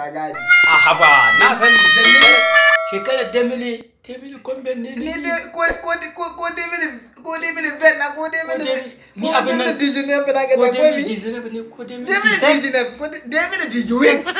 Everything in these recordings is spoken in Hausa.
ka gadi a haba na sani lalle shekarar demile demile kwamben ne ne ne ko ko ko ko demile ko ben na ko demile ni abin nan ko demile dizinab na ga ko demile dizinab ko demile dizinab ko demile dizinab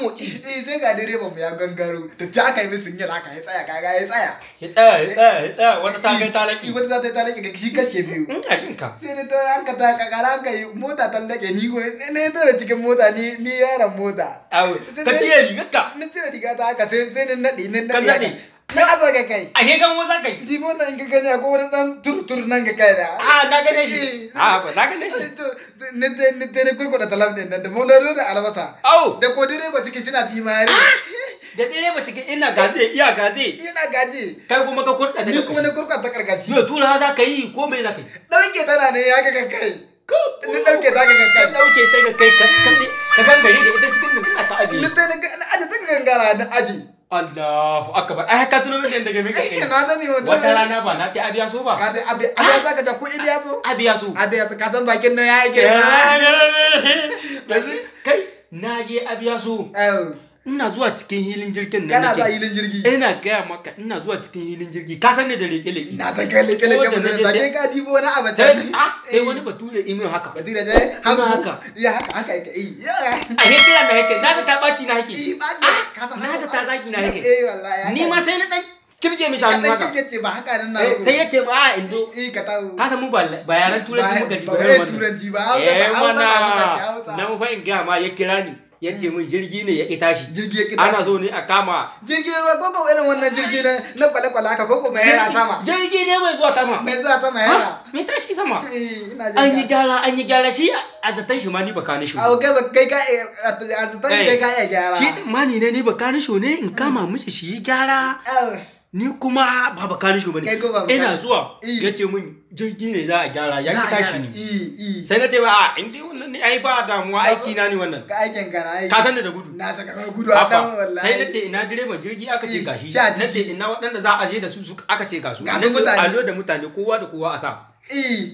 motsi eh sai ga direban mu ya gangaro da ta aka yi misin yin haka ya tsaya kaga ya tsaya ya tsaya ya tsaya ya tsaya wata ta kai talaki wata ta kai talaki ga kashe biyu in kashin ka sai an ka ta kakara an ka mota ta lake ni ko ne to da cikin mota ni ni yaran mota ka tiye rigar ka ni ta ka sai sai nadi ni nadi nan aza ga kai a hegan mu za ka yi dibo nan ga gani akwai wani dan turtur nan ga kai da a ah, na gane shi eh, a ah, ba na gane shi ne te ne te ne kai ko da talam din nan da mu da albasa au da ko dire ba tiki suna fi mare ah! da dire ba tiki ina gaze iya gaze ina gaze kai kuma ka kurda ta ni kuma ne kurka ta kargashi yo tura za ka ko me za ka yi dauke tana ne ya ga kai Ni ɗauke ta gangan kai. Ɗauke ta gangan kai ka gangare da ita cikin gangana ta aji. Ni ta gangana ta gangana na aji. Allahu akbar ai ka tuno min da game ka kai na ne wannan wata rana ba na ta abiya so ba ka abi abiya abiya za ka ta ko idiya so abiya so abiya so ka san bakin nan ya yi girma kai na je abiya so ina zuwa cikin hilin jirgin nan nake hilin jirgi ina gaya maka ina zuwa cikin hilin jirgi ka san da leke leke na san ka leke leke mutum da kai ka dibo wani abu ta eh, ni ah, eh, eh wani bature imi haka bature dai haka haka ya haka haka yake eh a kira na heke na ta baci na heke eh baci ah, ka san na ta zaki na heke eh wallahi ni ma sai na dan kirge mi shanu haka kirge ce ba haka nan na eh, sai yace ba a indo eh ka ta ka san mu bayaran turanci muka ji ba turanci ba hausa na hausa na mu fa in ga ma ya kira ni ya hmm. mun jirgi ne ya ƙi tashi jirgi ya ƙi tashi ana zo ne a kama jirgi ne ko ko irin wannan jirgi ne na kwale kwale haka ko ko mai yana sama jirgi ne mai zuwa sama mai zuwa sama yana mai tashi sama eh, an yi gyara an yi gyara shi a zaton shi ma ni baka ni shi a ba kai ka eh, a zaton shi eh. kai ka iya gyara shi mani ni ne ni baka ni shi ne in kama hmm. mishi shi gyara ni kuma ba bakanin shi bane ina zuwa ya ce min jirgi ne za a gyara ya ki tashi ni sai na ce ba in dai wannan ne ai ba damuwa aiki na ne wannan ka aikin ka na aiki ka sanda da gudu na saka ka gudu a kan wallahi sai na ce ina direban jirgi aka ce gashi na ce ina waɗanda za a je da su aka ce gasu a zo da mutane kowa da kowa a sa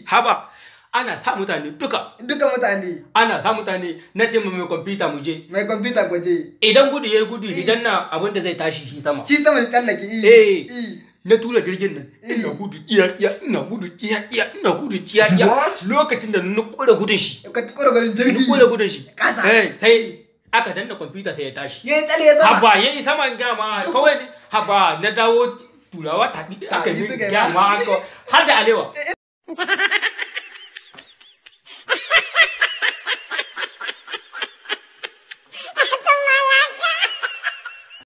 haba ana ta mutane duka duka mutane ana ta mutane na ce mai kwamfuta mu je mai kwamfuta ku je idan gudu ya gudu eh. idan na abinda zai tashi shi sama shi sama ya tsallake eh, eh. eh. na tura jirgin nan ina gudu iya iya ina gudu iya iya ina gudu iya iya lokacin da na kura gudun shi ka kura gudun jirgi kura gudun shi kasa eh sai aka danna kwamfuta sai ya tashi ya tsale ya sama haba yayi sama ga ma kawai ne haba na dawo turawa tabi aka yi ga ma aka har da alewa